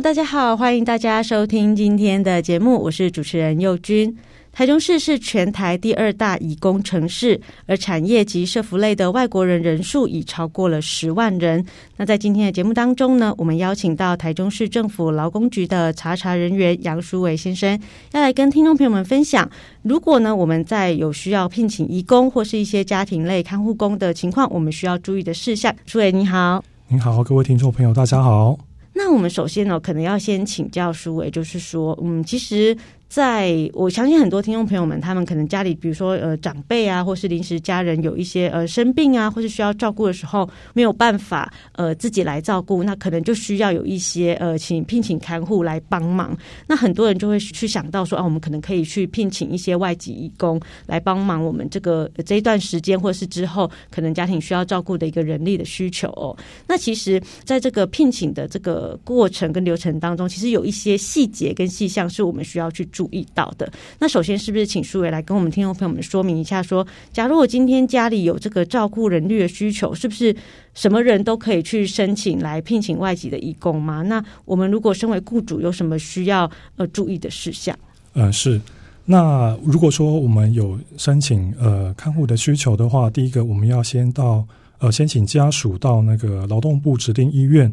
大家好，歡迎大家收聽今天的節目，我是主持人幼君。台中市是全台第二大移工城市，而產業及社福類的外國人人數已超過了十萬人。那在今天的節目當中呢，我們邀請到台中市政府勞工局的查察人員楊書維先生，要來跟聽眾朋友們分享。如果呢，我們在有需要聘請移工或是一些家庭類看護工的情況，我們需要注意的事項。書維你好，你好，各位聽眾朋友，大家好。那我們首先呢、哦，可能要先請教書維，就是說，嗯，其實，在我相信很多聽眾朋友們，他們可能家裡，比如說呃長輩啊，或是臨時家人有一些呃生病啊，或是需要照顧的時候，沒有辦法呃自己來照顧，那可能就需要有一些呃請聘請看護來幫忙。那很多人就會去想到說啊，我們可能可以去聘請一些外籍移工來幫忙我們這個、呃、這一段時間，或是之後可能家庭需要照顧的一個人力的需求、哦。那其實在這個聘請的這個過程跟流程當中，其實有一些細節跟細項是我們需要去。注意到的。那首先是不是請書維來跟我們聽眾朋友們說明一下說，說假如我今天家裡有這個照顧人力的需求，是不是什麼人都可以去申請來聘請外籍的移工嗎？那我們如果身為雇主，有什麼需要呃注意的事項？嗯、呃，是。那如果說我們有申請呃看護的需求的話，第一個我們要先到呃先請家屬到那個勞動部指定醫院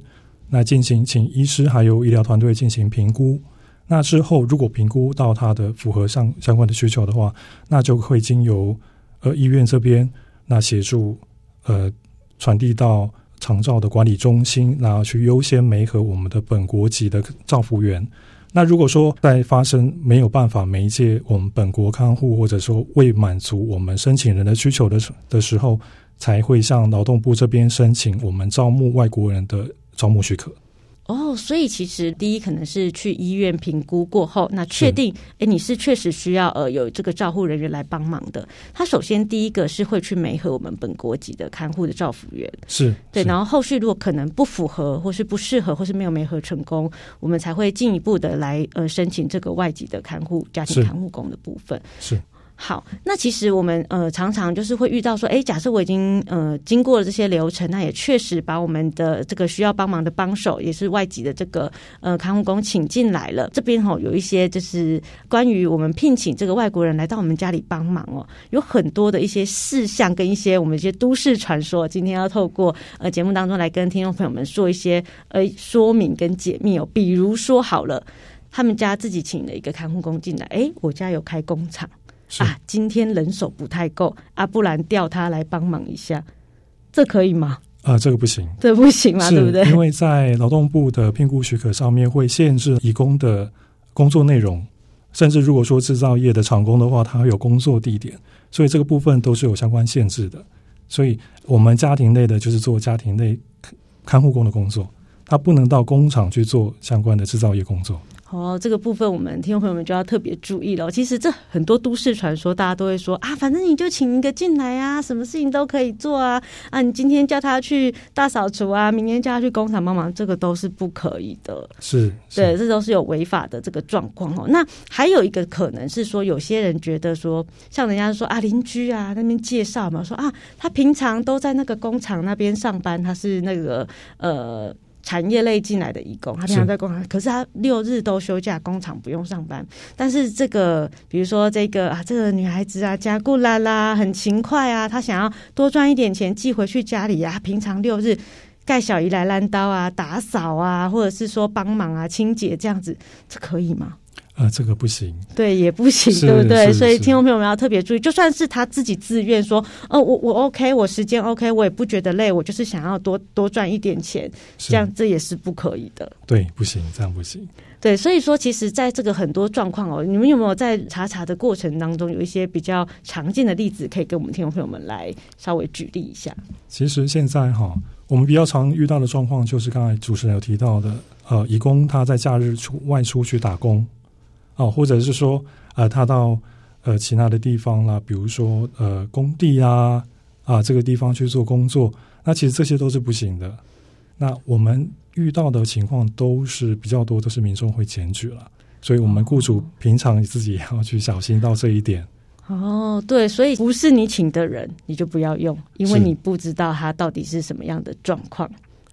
來進行請醫師還有醫療團隊進行評估。那之後，如果評估到他的符合上相關的需求的話，那就會經由呃醫院這邊那協助呃傳遞到長照的管理中心，然後去優先媒合我們的本國籍的照護員。那如果說在發生沒有辦法媒介我們本國看護，或者說未滿足我們申請人的需求的時的時候，才會向勞動部這邊申請我們招募外國人的招募許可。哦，所以其實第一可能是去醫院評估過後，那確定哎你是確實需要呃有這個照護人員來幫忙的。他首先第一個是會去媒合我們本國籍的看護的照服員，是對。然後後續如果可能不符合或是不適合或是沒有媒合成功，我們才會進一步的來呃申請這個外籍的看護家庭看護工的部分是。是好，那其實我們呃常常就是會遇到說，哎，假設我已經呃經過了這些流程，那也確實把我們的這個需要幫忙的幫手，也是外籍的這個呃看護工請進來了。這邊吼有一些就是關於我們聘請這個外國人來到我們家裡幫忙哦，有很多的一些事項跟一些我們一些都市傳說，今天要透過呃節目當中來跟聽眾朋友們做一些呃說明跟解密哦。比如說好了，他們家自己請了一個看護工進來，哎，我家有開工廠。啊，今天人手不太夠，啊，不然調他來幫忙一下，這可以嗎？啊、呃，這個不行，這個，不行嘛，對不對？因為在勞動部的聘僱許可上面會限制移工的工作內容，甚至如果說製造業的廠工的話，他有工作地點，所以這個部分都是有相關限制的。所以，我們家庭類的，就是做家庭內看護工的工作，他不能到工廠去做相關的製造業工作。哦，這個部分我們聽眾朋友們就要特別注意了。其實這很多都市傳說，大家都會說啊，反正你就請一個進來啊，什麼事情都可以做啊。啊，你今天叫他去大掃除啊，明天叫他去工廠幫忙，這個都是不可以的是。是，對，這都是有違法的這個狀況哦。那還有一個可能是說，有些人覺得說，像人家說啊，鄰居啊那邊介紹嘛，說啊，他平常都在那個工廠那邊上班，他是那個呃。產業類進來的移工，他平常在工廠，可是他六日都休假，工廠不用上班。但是這個，比如說這個啊，這個女孩子啊，家顧拉啦，很勤快啊，她想要多賺一點錢寄回去家裡啊。平常六日，蓋小姨來爛刀啊，打掃啊，或者是說幫忙啊，清潔這樣子，這可以嗎？啊、呃，這個不行，對，也不行，對不對？所以聽眾朋友們要特別注意，就算是他自己自願說，哦、呃，我我 OK，我時間 OK，我也不覺得累，我就是想要多多賺一點錢，這樣這也是不可以的。對，不行，這樣不行。對，所以說，其實在這個很多狀況哦，你們有沒有在查查的過程當中有一些比較常見的例子，可以跟我們聽眾朋友們來稍微舉例一下？其實現在哈，我們比較常遇到的狀況就是剛才主持人有提到的，呃，移工他在假日出外出去打工。哦，或者是說，呃，他到呃其他的地方啦，比如說呃工地啊啊、呃、這個地方去做工作，那其實這些都是不行的。那我們遇到的情況都是比較多，都是民眾會檢舉了，所以我們雇主平常自己也要去小心到這一點。哦，對，所以不是你請的人，你就不要用，因為你不知道他到底是什麼樣的狀況。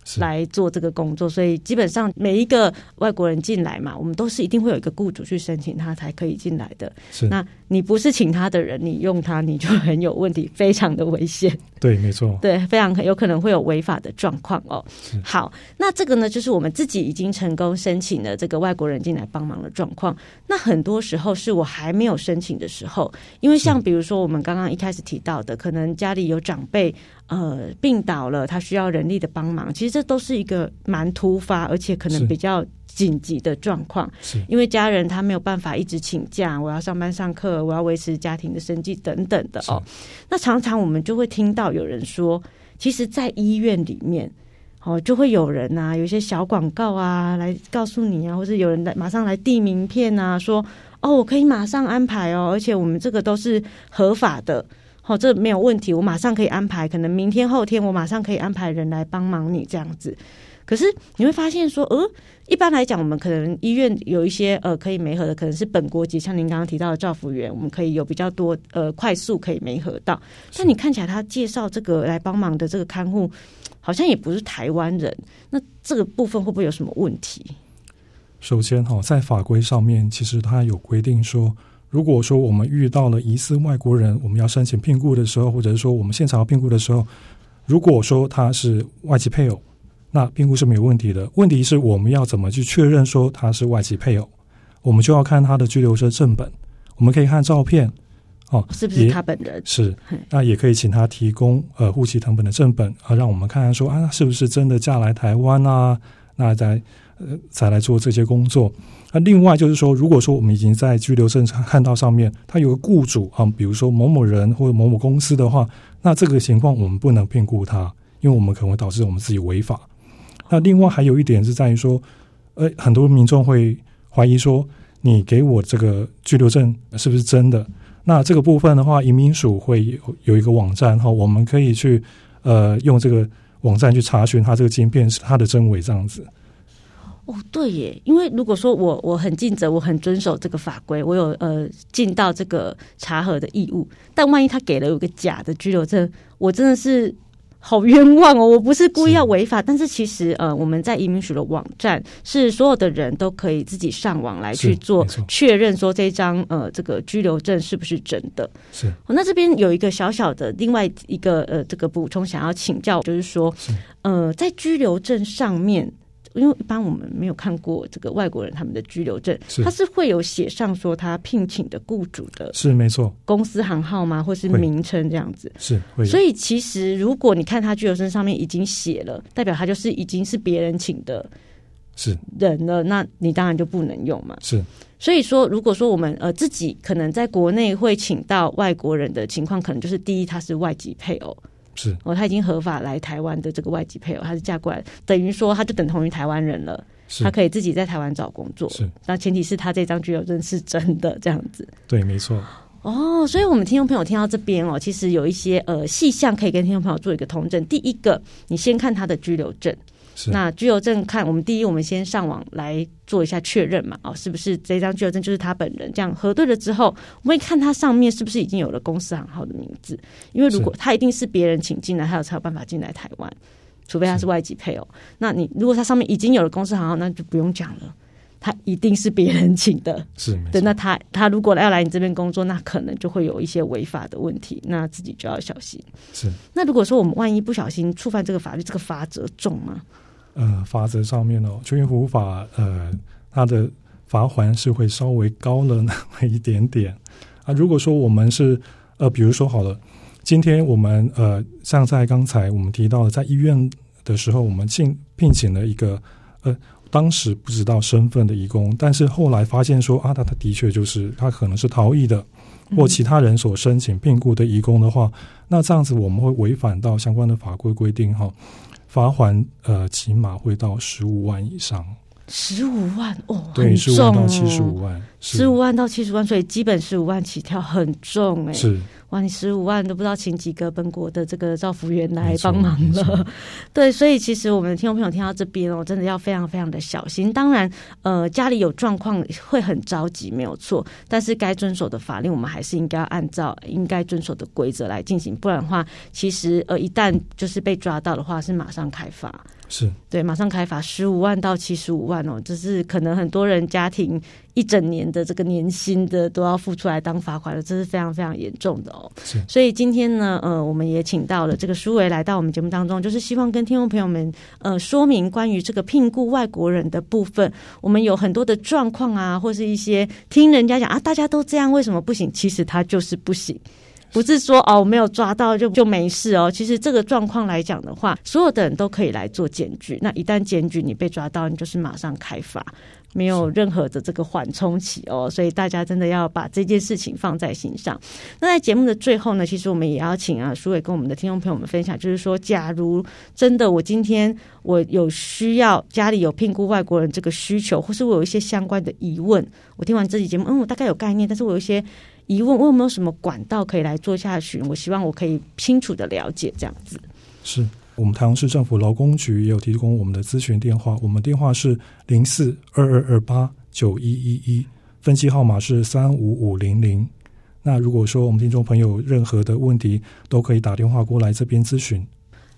是。來做這個工作，所以基本上每一個外國人進來嘛，我們都是一定會有一個雇主去申請他才可以進來的。是。那你不是請他的人，你用他，你就很有問題，非常的危險。對，沒錯。對，非常有可能會有違法的狀況哦。好，那這個呢，就是我們自己已經成功申請了這個外國人進來幫忙的狀況。那很多時候是我還沒有申請的時候，因為像比如說我們剛剛一開始提到的，可能家裡有長輩，呃，病倒了，他需要人力的幫忙，其實這都是一個蠻突發，而且可能比較。緊急的狀況，因為家人他沒有辦法一直請假，我要上班上課，我要維持家庭的生計等等的哦。那常常我們就會聽到有人說，其實，在醫院裡面，哦，就會有人啊，有一些小廣告啊，來告訴你啊，或是有人來馬上來遞名片啊，說哦，我可以馬上安排哦，而且我們這個都是合法的，好，哦，這沒有問題，我馬上可以安排，可能明天後天我馬上可以安排人來幫忙你這樣子。可是你會發現說，呃，一般來講，我們可能醫院有一些呃可以媒合的，可能是本國籍，像您剛剛提到的照服員，我們可以有比較多呃快速可以媒合到。但你看起來他介紹這個來幫忙的這個看護，好像也不是台灣人，那這個部分會不會有什麼問題？首先哈，在法規上面，其實他有規定說，如果說我們遇到了疑似外國人，我們要申請聘雇的時候，或者是說我們現場要聘雇的時候，如果說他是外籍配偶。那聘僱是沒有問題的，問題是我們要怎麼去確認說他是外籍配偶？我們就要看他的居留證正本，我們可以看照片哦、啊，是不是他本人？是，那也可以請他提供呃戶籍謄本的正本啊，讓我們看看說啊，是不是真的嫁來台灣啊？那才呃才來做這些工作。那、啊、另外就是說，如果說我們已經在居留證上看到上面他有個雇主啊，比如說某某人或者某某公司的話，那這個情況我們不能聘僱他，因為我們可能會導致我們自己違法。那另外還有一點是在於說，呃，很多民眾會懷疑說，你給我這個居留證是不是真的？那這個部分的話，移民署會有有一個網站哈，我們可以去呃用這個網站去查詢他這個晶片是它的真偽這樣子。哦，對耶，因為如果說我我很盡責，我很遵守這個法規，我有呃盡到這個查核的義務，但萬一他給了我一個假的居留證，我真的是。好冤枉哦！我不是故意要違法，但是其實呃，我們在移民署的網站是所有的人都可以自己上網來去做確認，說這張呃這個居留證是不是真的。是。哦，那這邊有一個小小的另外一個呃這個補充，想要請教，就是說是，呃，在居留證上面。因為一般我們沒有看過這個外國人他們的居留證，是，他是會有寫上說他聘請的雇主的，是沒錯，公司行號嘛，或是名稱這樣子，是會。所以其實如果你看他居留證上面已經寫了，代表他就是已經是別人請的人，是人了，那你當然就不能用嘛。是，所以說如果說我們呃自己可能在國內會請到外國人的情況，可能就是第一，他是外籍配偶。是哦，他已經合法來台灣的這個外籍配偶，他是嫁過來，等於說他就等同於台灣人了，是，他可以自己在台灣找工作。是，但前提是他這張居留證是真的，這樣子。對，沒錯。哦，所以我們聽眾朋友聽到這邊哦，其實有一些呃細項可以跟聽眾朋友做一個統整。第一個，你先看他的居留證。那居留證看，我們第一，我們先上網來做一下確認嘛，哦，是不是這張居留證就是他本人？這樣核對了之後，我們一看它上面是不是已經有了公司行號的名字？因為如果他一定是別人請進來，他有才有辦法進來台灣，除非他是外籍配偶。那你如果他上面已經有了公司行號，那就不用講了，他一定是別人請的。是，對。那他他如果要來你這邊工作，那可能就會有一些違法的問題，那自己就要小心。是。那如果說我們萬一不小心觸犯這個法律，這個罰則重嗎？呃，法則上面呢、哦，就業服務法呃，它的罰鍰是會稍微高了那麼一點點啊。如果說我們是呃，比如說好了，今天我們呃，像在剛才我們提到的，在醫院的時候，我們聘聘請了一個呃，當時不知道身份的移工，但是後來發現說啊，他他的確就是他可能是逃逸的，或其他人所申請聘雇的移工的話、嗯，那這樣子我們會違反到相關的法規規定哈、哦。罰款，呃，起碼會到十五萬以上。十五萬哦，對，很重哦，十五萬到七十五萬，十五萬到七十萬，所以基本十五萬起跳很重哎！是哇，你十五萬都不知道請幾個本國的這個照服員來幫忙了，對，所以其實我們聽眾朋友聽到這邊，哦，真的要非常非常的小心。當然，呃，家裡有狀況會很着急，沒有錯，但是該遵守的法令，我們還是應該按照應該遵守的規則來進行，不然的話，其實呃一旦就是被抓到的話，是馬上開罰。是對，馬上開罰十五萬到七十五萬哦，只、就是可能很多人家庭一整年的這個年薪的都要付出來當罰款的，這是非常非常嚴重的哦。所以今天呢，呃，我們也請到了這個書維來到我們節目當中，就是希望跟聽眾朋友們呃說明關於這個聘雇外國人的部分，我們有很多的狀況啊，或是一些聽人家講啊，大家都這樣，為什麼不行？其實他就是不行。不是說哦，我沒有抓到就就沒事哦。其實這個狀況來講的話，所有的人都可以來做檢舉。那一旦檢舉你被抓到，你就是馬上開罰，沒有任何的這個緩衝期哦。所以大家真的要把這件事情放在心上。那在節目的最後呢，其實我們也要請啊書維跟我們的聽眾朋友們分享，就是說，假如真的我今天我有需要家裡有聘雇外國人這個需求，或是我有一些相關的疑問，我聽完這期節目，嗯，我大概有概念，但是我有一些。疑問我有沒有什麼管道可以來做下去？我希望我可以清楚的了解這樣子。是我們臺中市政府勞工局也有提供我們的諮詢電話，我們電話是零四二二二八九一一一，分機號碼是三五五零零。那如果說我們聽眾朋友任何的問題，都可以打電話過來這邊諮詢。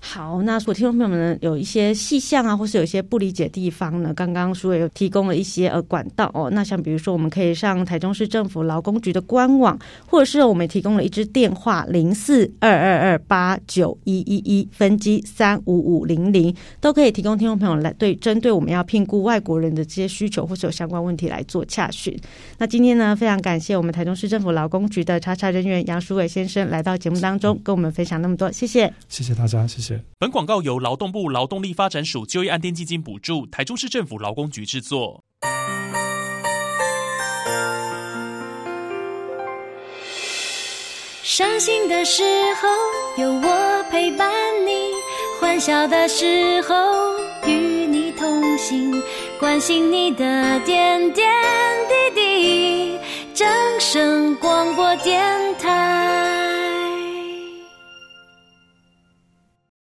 好，那如果聽眾朋友們有一些細項啊，或是有一些不理解的地方呢，剛剛書維有提供了一些呃管道哦。那像比如說，我們可以上台中市政府勞工局的官網，或者是我們提供了一支電話零四二二二八九一一一，分機三五五零零，都可以提供聽眾朋友來對，針對我們要聘雇外國人的這些需求，或是有相關問題來做洽詢。那今天呢，非常感謝我們台中市政府勞工局的查察人員楊書維先生來到節目當中，跟我們分享那麼多，謝謝，謝謝大家，謝謝。本廣告由勞動部勞動力發展署就業安定基金補助，台中市政府勞工局製作。傷心的時候有我陪伴你，歡笑的時候與你同行，關心你的點點滴滴。正聲廣播電台。